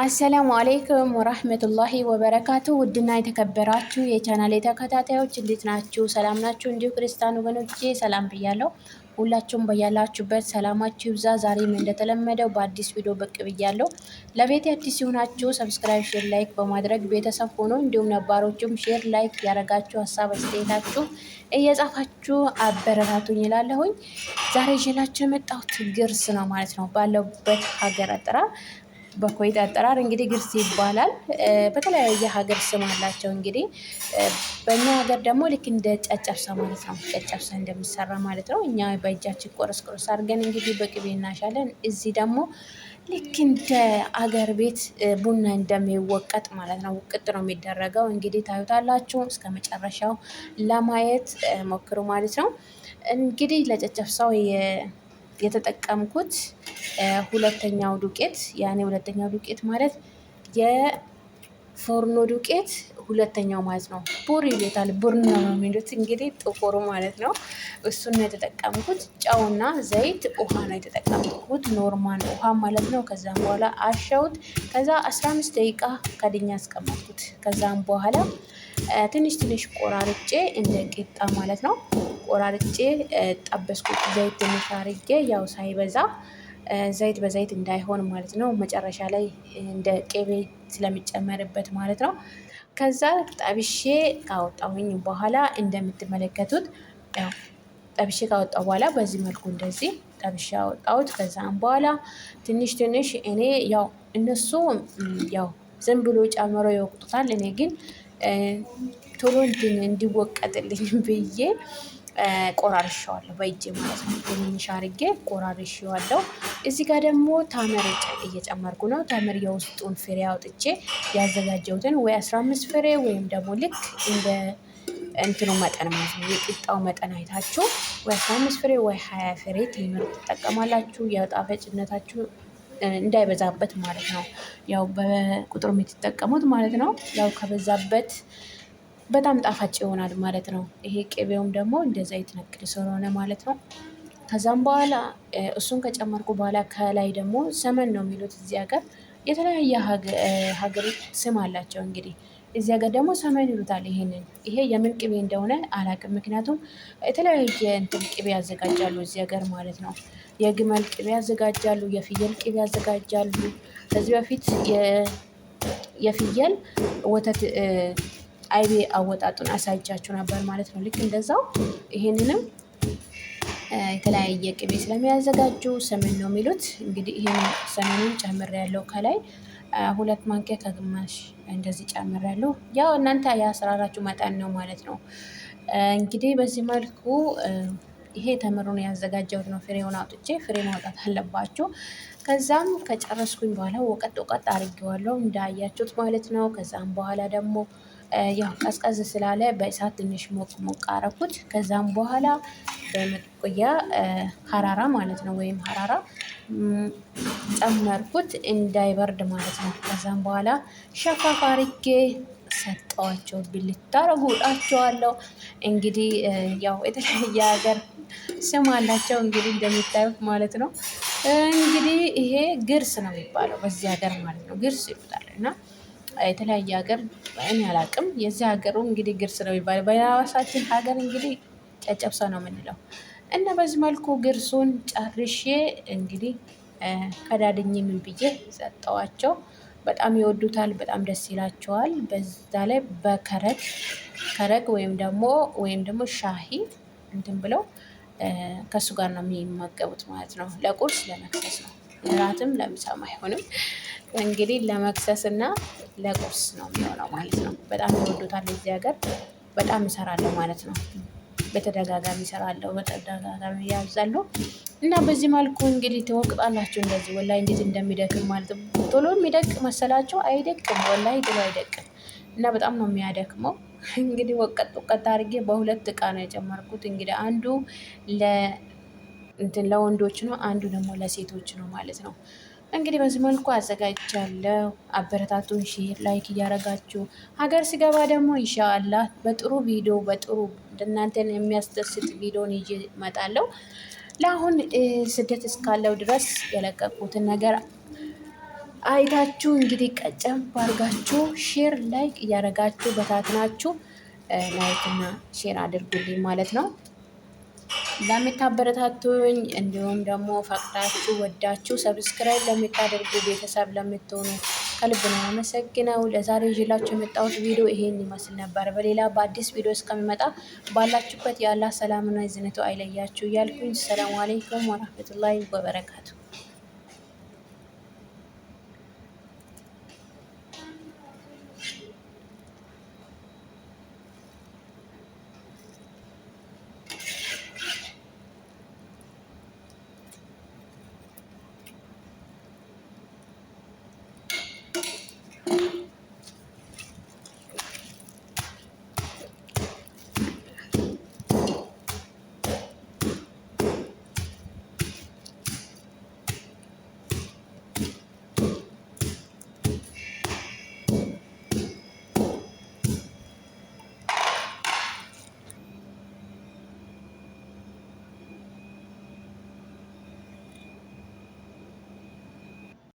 አሰላሙ አሌይኩም ወራህመቱላሂ ወበረካቱ። ውድና የተከበራችሁ የቻናል ተከታታዮች እንዴት ናችሁ? ሰላም ናችሁ? እንዲሁ ክርስቲያን ወገኖቼ ሰላም ብያለሁ። ሁላችሁም በያላችሁበት ሰላማችሁ ይብዛ። ዛሬም እንደተለመደው በአዲስ ቪዲዮ ብቅ ብያለሁ። ለቤት አዲስ ሲሆናችሁ ሰብስክራይብ፣ ሼር፣ ላይክ በማድረግ ቤተሰብ ሆኖ እንዲሁም ነባሮቹም ሼር ላይክ ያደረጋችሁ ሀሳብ አስተያየታችሁ እየጻፋችሁ አበረታቱኝ ይላለሁኝ። ዛሬ ይዤላችሁ የመጣሁት ግርስ ነው ማለት ነው ባለሁበት ሀገር አጥራ በኮይት አጠራር እንግዲህ ግርስ ይባላል። በተለያየ ሀገር ስም አላቸው። እንግዲህ በእኛ ሀገር ደግሞ ልክ እንደ ጨጨብሳ ማለት ነው። ጨጨብሳ እንደሚሰራ ማለት ነው። እኛ በእጃችን ቆረስ ቆረስ አድርገን እንግዲህ በቅቤ እናሻለን። እዚህ ደግሞ ልክ እንደ አገር ቤት ቡና እንደሚወቀጥ ማለት ነው። ውቅጥ ነው የሚደረገው። እንግዲህ ታዩታላችሁ። እስከ መጨረሻው ለማየት ሞክሩ ማለት ነው። እንግዲህ ለጨጨብሳው የተጠቀምኩት ሁለተኛው ዱቄት ያኔ ሁለተኛው ዱቄት ማለት የፎርኖ ዱቄት ሁለተኛው ማለት ነው። ቡር ይሉታል፣ ቡርኖ ነው የሚሉት እንግዲህ ጥቁሩ ማለት ነው። እሱን ነው የተጠቀምኩት። ጨውና ዘይት፣ ውሃ ነው የተጠቀምኩት፣ ኖርማል ውሃ ማለት ነው። ከዛም በኋላ አሸውት። ከዛ አምስት ደቂቃ ከድኛ አስቀመጥኩት። ከዛም በኋላ ትንሽ ትንሽ ቆራርጬ እንደ ቂጣ ማለት ነው ቆራርጬ ጠበስኩት። ዘይት ትንሽ አርጌ ያው ሳይበዛ ዘይት በዘይት እንዳይሆን ማለት ነው። መጨረሻ ላይ እንደ ቄቤ ስለሚጨመርበት ማለት ነው። ከዛ ጠብሼ ካወጣሁኝ በኋላ እንደምትመለከቱት ያው ጠብሼ ካወጣሁ በኋላ በዚህ መልኩ እንደዚህ ጠብሼ ያወጣሁት። ከዛም በኋላ ትንሽ ትንሽ እኔ ያው እነሱ ያው ዝም ብሎ ጨምሮ ይወቅጡታል። እኔ ግን ቶሎ እንዲወቀጥልኝ ብዬ ቆራርሸዋለሁ በእጄ ማለት ነው። ትንሽ አርጌ ቆራርሸዋለሁ። እዚ ጋር ደግሞ ታመር እየጨመርኩ ነው። ታመር የውስጡን ፍሬ አውጥቼ ያዘጋጀሁትን ወይ አስራ አምስት ፍሬ ወይም ደግሞ ልክ እንደ እንትኑ መጠን ማለት ነው የቂጣው መጠን አይታችሁ ወይ አስራ አምስት ፍሬ ወይ ሀያ ፍሬ ታመር ትጠቀማላችሁ የጣፈጭነታችሁ እንዳይበዛበት ማለት ነው። ያው በቁጥር የምትጠቀሙት ማለት ነው። ያው ከበዛበት በጣም ጣፋጭ ይሆናል ማለት ነው። ይሄ ቅቤውም ደግሞ እንደዛ የተነቅል ስለሆነ ማለት ነው። ከዛም በኋላ እሱን ከጨመርኩ በኋላ ከላይ ደግሞ ሰመን ነው የሚሉት እዚህ ሀገር የተለያየ ሀገር ስም አላቸው እንግዲህ እዚያ ጋር ደግሞ ሰመን ይሉታል። ይሄንን ይሄ የምን ቅቤ እንደሆነ አላውቅም። ምክንያቱም የተለያየ እንትን ቅቤ ያዘጋጃሉ እዚህ ሀገር ማለት ነው። የግመል ቅቤ ያዘጋጃሉ፣ የፍየል ቅቤ ያዘጋጃሉ። ከዚህ በፊት የፍየል ወተት አይቤ አወጣጡን አሳይቻችሁ ነበር ማለት ነው። ልክ እንደዛው ይሄንንም የተለያየ ቅቤ ስለሚያዘጋጁ ሰመን ነው የሚሉት። እንግዲህ ይሄንን ሰመኑን ጨምሬያለሁ ከላይ ሁለት ማንኪያ ከግማሽ እንደዚህ ጨምሬያለሁ። ያው እናንተ የአሰራራችሁ መጠን ነው ማለት ነው። እንግዲህ በዚህ መልኩ ይሄ ተምሩን ያዘጋጀሁት ነው። ፍሬውን አውጥቼ ፍሬ ማውጣት አለባችሁ። ከዛም ከጨረስኩኝ በኋላ ወቀጥ ወቀጥ አድርጌዋለሁ እንዳያችሁት ማለት ነው። ከዛም በኋላ ደግሞ ያው ቀዝቀዝ ስላለ በእሳት ትንሽ ሞቅ ሞቅ አረኩት። ከዛም በኋላ በመቆያ ሀራራ ማለት ነው ወይም ሀራራ ጨመርኩት እንዳይበርድ ማለት ነው። ከዛም በኋላ ሸፋፍ አርጌ ሰጠዋቸው ብልታረጉ እላቸዋለሁ። እንግዲህ ያው የተለያየ ሀገር ስም አላቸው እንግዲህ እንደሚታዩት ማለት ነው። እንግዲህ ይሄ ግርስ ነው የሚባለው በዚህ ሀገር ማለት ነው ግርስ ይሉታል እና የተለያየ ሀገር እኔ አላቅም የዚህ ሀገሩ እንግዲህ ግርስ ነው የሚባለው። በራሳችን ሀገር እንግዲህ ጨጨብሳ ነው የምንለው እና በዚህ መልኩ ግርሱን ጨርሼ እንግዲህ ከዳድኝ ምን ብዬ ሰጠዋቸው። በጣም ይወዱታል። በጣም ደስ ይላቸዋል። በዛ ላይ በከረግ ከረግ ወይም ደግሞ ወይም ደግሞ ሻሂ እንትን ብለው ከእሱ ጋር ነው የሚመገቡት ማለት ነው። ለቁርስ ለመክሰስ ነው፣ ለራትም ለምሳም አይሆንም። እንግዲህ ለመክሰስ እና ለቁርስ ነው የሚሆነው ማለት ነው። በጣም ይወዱታል እዚህ ሀገር በጣም ይሰራለሁ ማለት ነው። በተደጋጋሚ ይሰራለሁ፣ በተደጋጋሚ ያዛለሁ እና በዚህ መልኩ እንግዲህ ትወቅጣላችሁ። እንደዚህ ወላይ እንዴት እንደሚደክም ማለት ቶሎ የሚደቅ መሰላቸው አይደቅም፣ ወላይ ቶሎ አይደቅም እና በጣም ነው የሚያደክመው። እንግዲህ ወቀጥ ወቀጥ አድርጌ በሁለት እቃ ነው የጨመርኩት። እንግዲህ አንዱ ለ ለወንዶች ነው፣ አንዱ ደግሞ ለሴቶች ነው ማለት ነው። እንግዲህ በዚህ መልኩ አዘጋጃለሁ። አበረታቱን፣ ሼር ላይክ እያደረጋችሁ ሀገር ሲገባ ደግሞ ኢንሻአላህ በጥሩ ቪዲዮ በጥሩ እናንተን የሚያስደስት ቪዲዮን ይዤ እመጣለሁ። ለአሁን ስደት እስካለው ድረስ የለቀቁትን ነገር አይታችሁ እንግዲህ ቀጨም ባርጋችሁ ሼር ላይክ እያደረጋችሁ በታትናችሁ ላይክና ሼር አድርጉልኝ ማለት ነው። ለምታበረታቱኝ እንዲሁም ደግሞ ፈቅዳችሁ ወዳችሁ ሰብስክራይብ ለምታደርጉ ቤተሰብ ለምትሆኑ ከልብ ነው አመሰግነው። ለዛሬ ይዤላችሁ የመጣሁት ቪዲዮ ይሄን ይመስል ነበር። በሌላ በአዲስ ቪዲዮ እስከሚመጣ ባላችሁበት የአላህ ሰላምና ዝነቱ አይለያችሁ እያልኩኝ ሰላም አሌይኩም ወራህመቱላሂ ወበረካቱ።